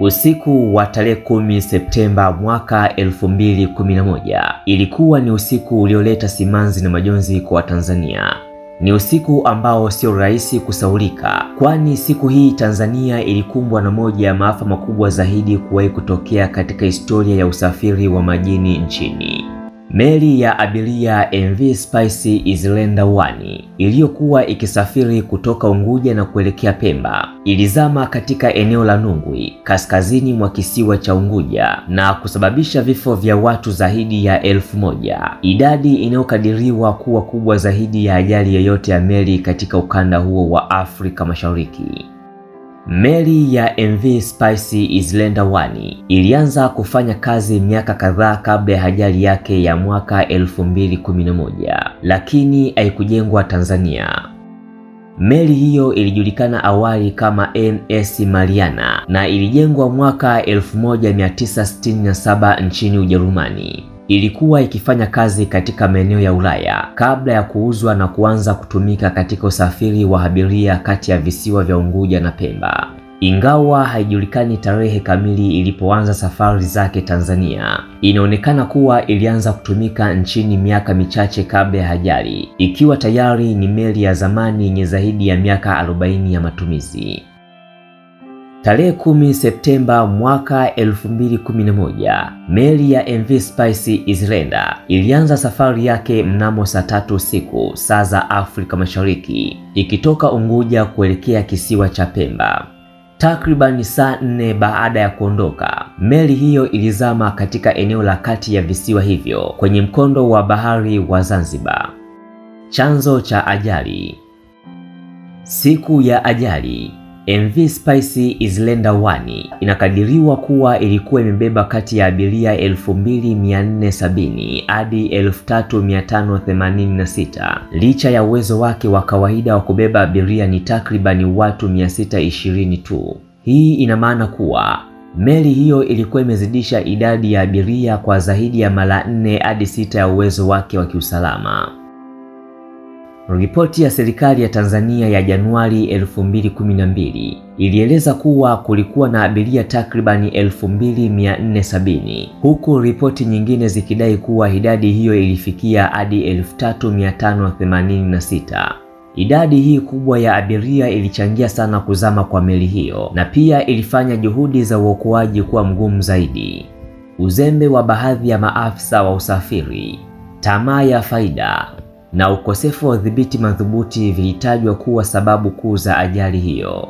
Usiku wa tarehe 10 Septemba mwaka 2011 ilikuwa ni usiku ulioleta simanzi na majonzi kwa Watanzania. Ni usiku ambao sio rahisi kusaulika, kwani siku hii Tanzania ilikumbwa na moja ya maafa makubwa zaidi kuwahi kutokea katika historia ya usafiri wa majini nchini. Meli ya abiria MV Spice Islander 1 iliyokuwa ikisafiri kutoka Unguja na kuelekea Pemba ilizama katika eneo la Nungwi kaskazini mwa kisiwa cha Unguja na kusababisha vifo vya watu zaidi ya elfu moja, idadi inayokadiriwa kuwa kubwa zaidi ya ajali yoyote ya meli katika ukanda huo wa Afrika Mashariki. Meli ya MV Spice Islander 1 ilianza kufanya kazi miaka kadhaa kabla ya ajali yake ya mwaka 2011, lakini haikujengwa Tanzania. Meli hiyo ilijulikana awali kama MS Mariana na ilijengwa mwaka 1967 nchini Ujerumani ilikuwa ikifanya kazi katika maeneo ya Ulaya kabla ya kuuzwa na kuanza kutumika katika usafiri wa abiria kati ya visiwa vya Unguja na Pemba. Ingawa haijulikani tarehe kamili ilipoanza safari zake Tanzania, inaonekana kuwa ilianza kutumika nchini miaka michache kabla ya ajali, ikiwa tayari ni meli ya zamani yenye zaidi ya miaka 40 ya matumizi. Tarehe 10 Septemba mwaka 2011, meli ya MV Spice Islander ilianza safari yake mnamo saa tatu usiku saa za Afrika Mashariki ikitoka Unguja kuelekea kisiwa cha Pemba. Takriban saa nne baada ya kuondoka, meli hiyo ilizama katika eneo la kati ya visiwa hivyo kwenye mkondo wa bahari wa Zanzibar. Chanzo cha ajali. Siku ya ajali MV Spice Islander 1 inakadiriwa kuwa ilikuwa imebeba kati ya abiria 2470 hadi 3586. Licha ya uwezo wake wa kawaida wa kubeba abiria ni takribani watu 620 tu. Hii ina maana kuwa meli hiyo ilikuwa imezidisha idadi ya abiria kwa zaidi ya mara nne hadi sita ya uwezo wake wa kiusalama. Ripoti ya serikali ya Tanzania ya Januari 2012 ilieleza kuwa kulikuwa na abiria takribani 2470 huku ripoti nyingine zikidai kuwa idadi hiyo ilifikia hadi 3586. Idadi hii kubwa ya abiria ilichangia sana kuzama kwa meli hiyo na pia ilifanya juhudi za uokoaji kuwa mgumu zaidi. Uzembe wa baadhi ya maafisa wa usafiri, tamaa ya faida na ukosefu wa udhibiti madhubuti vilitajwa kuwa sababu kuu za ajali hiyo.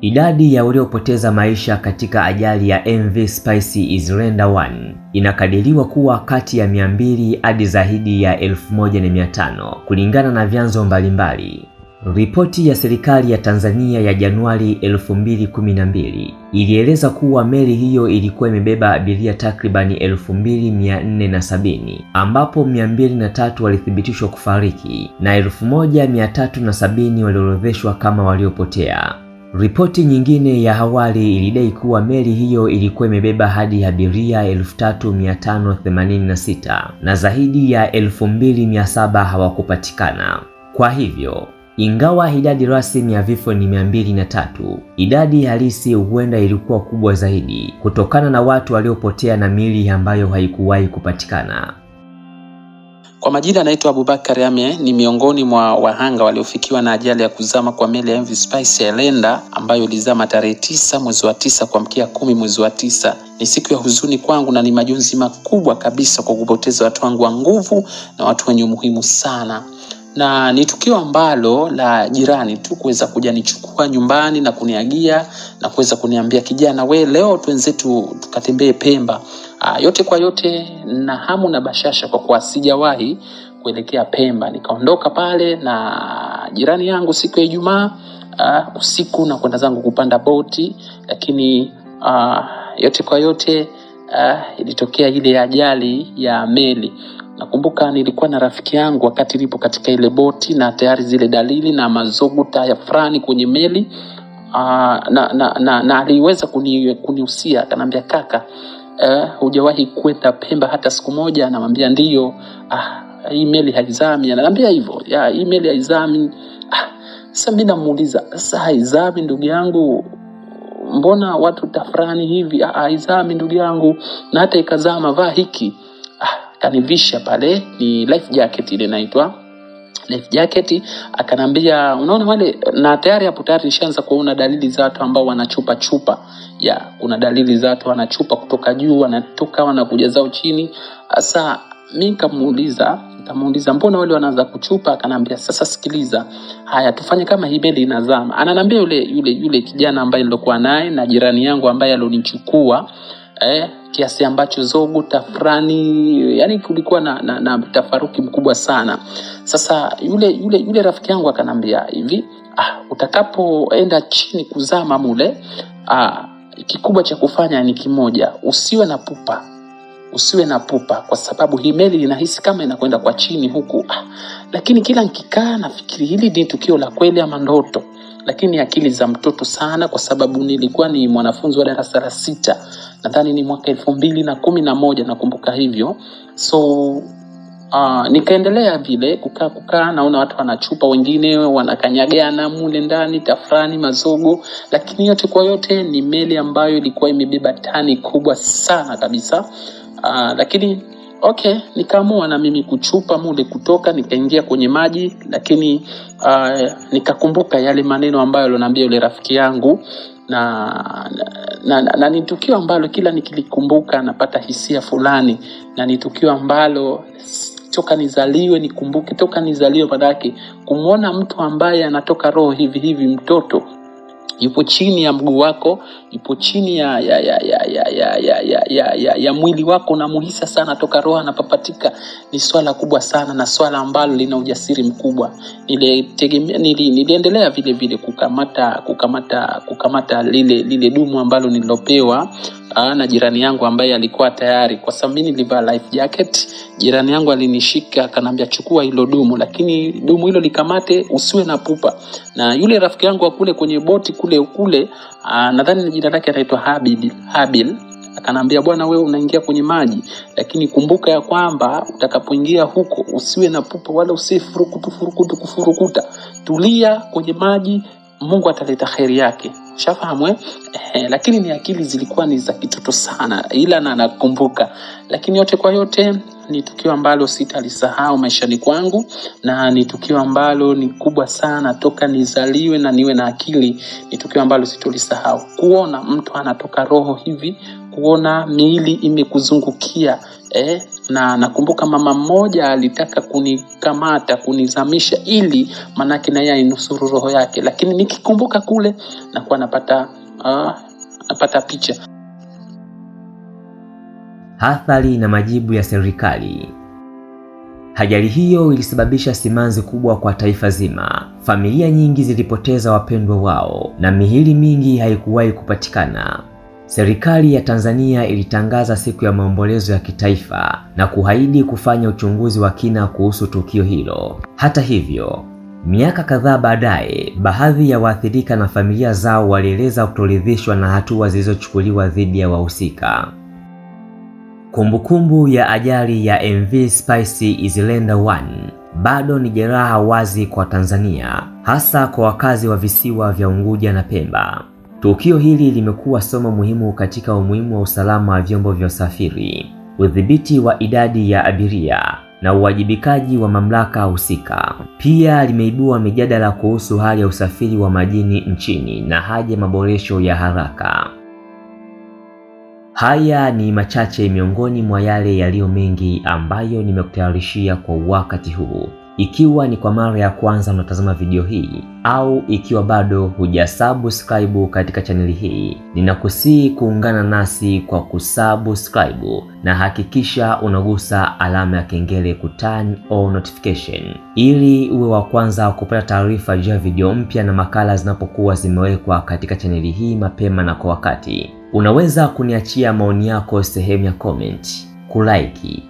Idadi ya waliopoteza maisha katika ajali ya MV Spice Islander 1 inakadiriwa kuwa kati ya 200 hadi zaidi ya 1500 kulingana na vyanzo mbalimbali. Ripoti ya serikali ya Tanzania ya Januari 2012 ilieleza kuwa meli hiyo ilikuwa imebeba abiria takribani 2470 ambapo 203 walithibitishwa kufariki na 1370 waliorodheshwa kama waliopotea. Ripoti nyingine ya awali ilidai kuwa meli hiyo ilikuwa imebeba hadi abiria 3586 na zaidi ya 2700 hawakupatikana. Kwa hivyo ingawa idadi rasmi ya vifo ni na tatu idadi halisi huenda ilikuwa kubwa zaidi kutokana na watu waliopotea na mili ambayo haikuwahi kupatikana. Kwa majina anaitwa Abubakar Ame, ni miongoni mwa wahanga waliofikiwa na ajali ya kuzama kwa meli ya MV Spice Elenda ambayo ilizama tarehe tisa mwezi wa tisa kuamkia kumi mwezi wa tisa. Ni siku ya huzuni kwangu na ni majonzi makubwa kabisa kwa kupoteza watu wangu wa nguvu na watu wenye umuhimu sana na ni tukio ambalo la jirani tu kuweza kuja nichukua nyumbani na kuniagia na kuweza kuniambia, kijana we, leo twenzetu tukatembee Pemba. Aa, ah, yote kwa yote na hamu na bashasha, kwa kuwa sijawahi kuelekea Pemba. Nikaondoka pale na jirani yangu siku ya Ijumaa ah, usiku na kwenda zangu kupanda boti, lakini aa, ah, yote kwa yote ilitokea ile ajali ya meli Nakumbuka nilikuwa na rafiki yangu wakati nipo katika ile boti na tayari zile dalili na mazoguta ya fulani kwenye meli aa, ah, na, na, na, na na aliweza kuni, kuniusia akaniambia, kaka eh, hujawahi kwenda Pemba hata siku moja? anamwambia ndio Ah, hii meli haizami, ananiambia hivyo ya hii meli haizami. Ah, sasa mimi namuuliza sasa, haizami ndugu yangu mbona watu tafurani hivi? Ah, haizami ndugu yangu, na hata ikazama vaa hiki akanivisha pale, ni life jacket ile inaitwa life jacket, akanambia unaona wale, na tayari hapo tayari nishaanza kuona dalili za watu ambao wanachupa chupa ya, kuna dalili za watu wanachupa kutoka juu, wanatoka wanakuja zao chini. Sasa mimi nikamuuliza nikamuuliza mbona wale wanaanza kuchupa? Akanambia sasa, sikiliza, haya tufanye kama hii inazama. ananambia yule yule yule kijana ambaye nilikuwa naye na jirani yangu ambaye alonichukua eh, kiasi ambacho zogu tafrani, yani kulikuwa na, na, na tafaruki mkubwa sana. Sasa yule, yule, yule rafiki yangu akanambia hivi ah, utakapoenda chini kuzama mule ah, kikubwa cha kufanya ni kimoja, usiwe na pupa usiwe na pupa, kwa sababu hii meli inahisi kama inakwenda kwa chini huku ah, lakini kila nikikaa nafikiri hili ni tukio la kweli ama ndoto lakini akili za mtoto sana, kwa sababu nilikuwa ni mwanafunzi wa darasa la sita, nadhani ni mwaka elfu mbili na kumi na moja nakumbuka hivyo. So uh, nikaendelea vile kukaa kukaa, naona watu wanachupa, wengine wanakanyagana mule ndani, tafrani, mazogo, lakini yote kwa yote ni meli ambayo ilikuwa imebeba tani kubwa sana kabisa. Uh, lakini Okay, nikaamua na mimi kuchupa mule kutoka, nikaingia kwenye maji, lakini uh, nikakumbuka yale maneno ambayo aliniambia yule rafiki yangu na na, na, na ni tukio ambalo kila nikilikumbuka napata hisia fulani, na ni tukio ambalo toka nizaliwe nikumbuke, toka nizaliwe, manake kumwona mtu ambaye anatoka roho hivi hivi mtoto yupo chini ya mguu wako, yupo chini ya, ya, ya, ya, ya, ya, ya, ya, ya, ya, ya mwili wako, unamuhisa sana toka roho anapapatika. Ni swala kubwa sana na swala ambalo lina ujasiri mkubwa. Nilitegemea nili, niliendelea vile vile kukamata kukamata kukamata lile lile dumu ambalo nililopewa Ah, na jirani yangu ambaye alikuwa tayari, kwa sababu mimi nilivaa life jacket. Jirani yangu alinishika akanambia, chukua hilo dumu, lakini dumu hilo likamate, usiwe na pupa. Na yule rafiki yangu wa kule kwenye boti kule kule, ah, nadhani jina lake anaitwa Habil, Habil akanambia bwana, wewe unaingia kwenye maji, lakini kumbuka ya kwamba utakapoingia huko usiwe na pupa wala usifurukutu furukutu kufurukuta. Tulia kwenye maji, Mungu ataleta kheri yake shafahamwe eh, lakini ni akili zilikuwa ni za kitoto sana, ila na nakumbuka. Lakini yote kwa yote ni tukio ambalo sitalisahau maishani kwangu, na ni tukio ambalo ni kubwa sana toka nizaliwe na niwe na akili. Ni tukio ambalo sitolisahau, kuona mtu anatoka roho hivi, kuona miili imekuzungukia eh, na nakumbuka mama mmoja alitaka kunikamata kunizamisha, ili manake naye ainusuru roho yake, lakini nikikumbuka kule nakuwa napata uh, napata picha. hathari na majibu ya serikali. Ajali hiyo ilisababisha simanzi kubwa kwa taifa zima. Familia nyingi zilipoteza wapendwa wao na mihili mingi haikuwahi kupatikana. Serikali ya Tanzania ilitangaza siku ya maombolezo ya kitaifa na kuahidi kufanya uchunguzi wa kina kuhusu tukio hilo. Hata hivyo, miaka kadhaa baadaye, baadhi ya waathirika na familia zao walieleza kutoridhishwa na hatua zilizochukuliwa dhidi ya wahusika. Kumbukumbu ya ajali ya MV Spice Islander 1 bado ni jeraha wazi kwa Tanzania, hasa kwa wakazi wa visiwa vya Unguja na Pemba. Tukio hili limekuwa somo muhimu katika umuhimu wa usalama wa vyombo vya usafiri, udhibiti wa idadi ya abiria na uwajibikaji wa mamlaka husika. Pia limeibua mijadala kuhusu hali ya usafiri wa majini nchini na haja maboresho ya haraka. Haya ni machache miongoni mwa yale yaliyo mengi ambayo nimekutayarishia kwa wakati huu. Ikiwa ni kwa mara ya kwanza unatazama video hii au ikiwa bado hujasubscribe katika chaneli hii, ninakusihi kuungana nasi kwa kusubscribe na hakikisha unagusa alama ya kengele ku turn on notification ili uwe wa kwanza kupata taarifa juu ya video mpya na makala zinapokuwa zimewekwa katika chaneli hii mapema na kwa wakati. Unaweza kuniachia maoni yako sehemu ya comment, kulike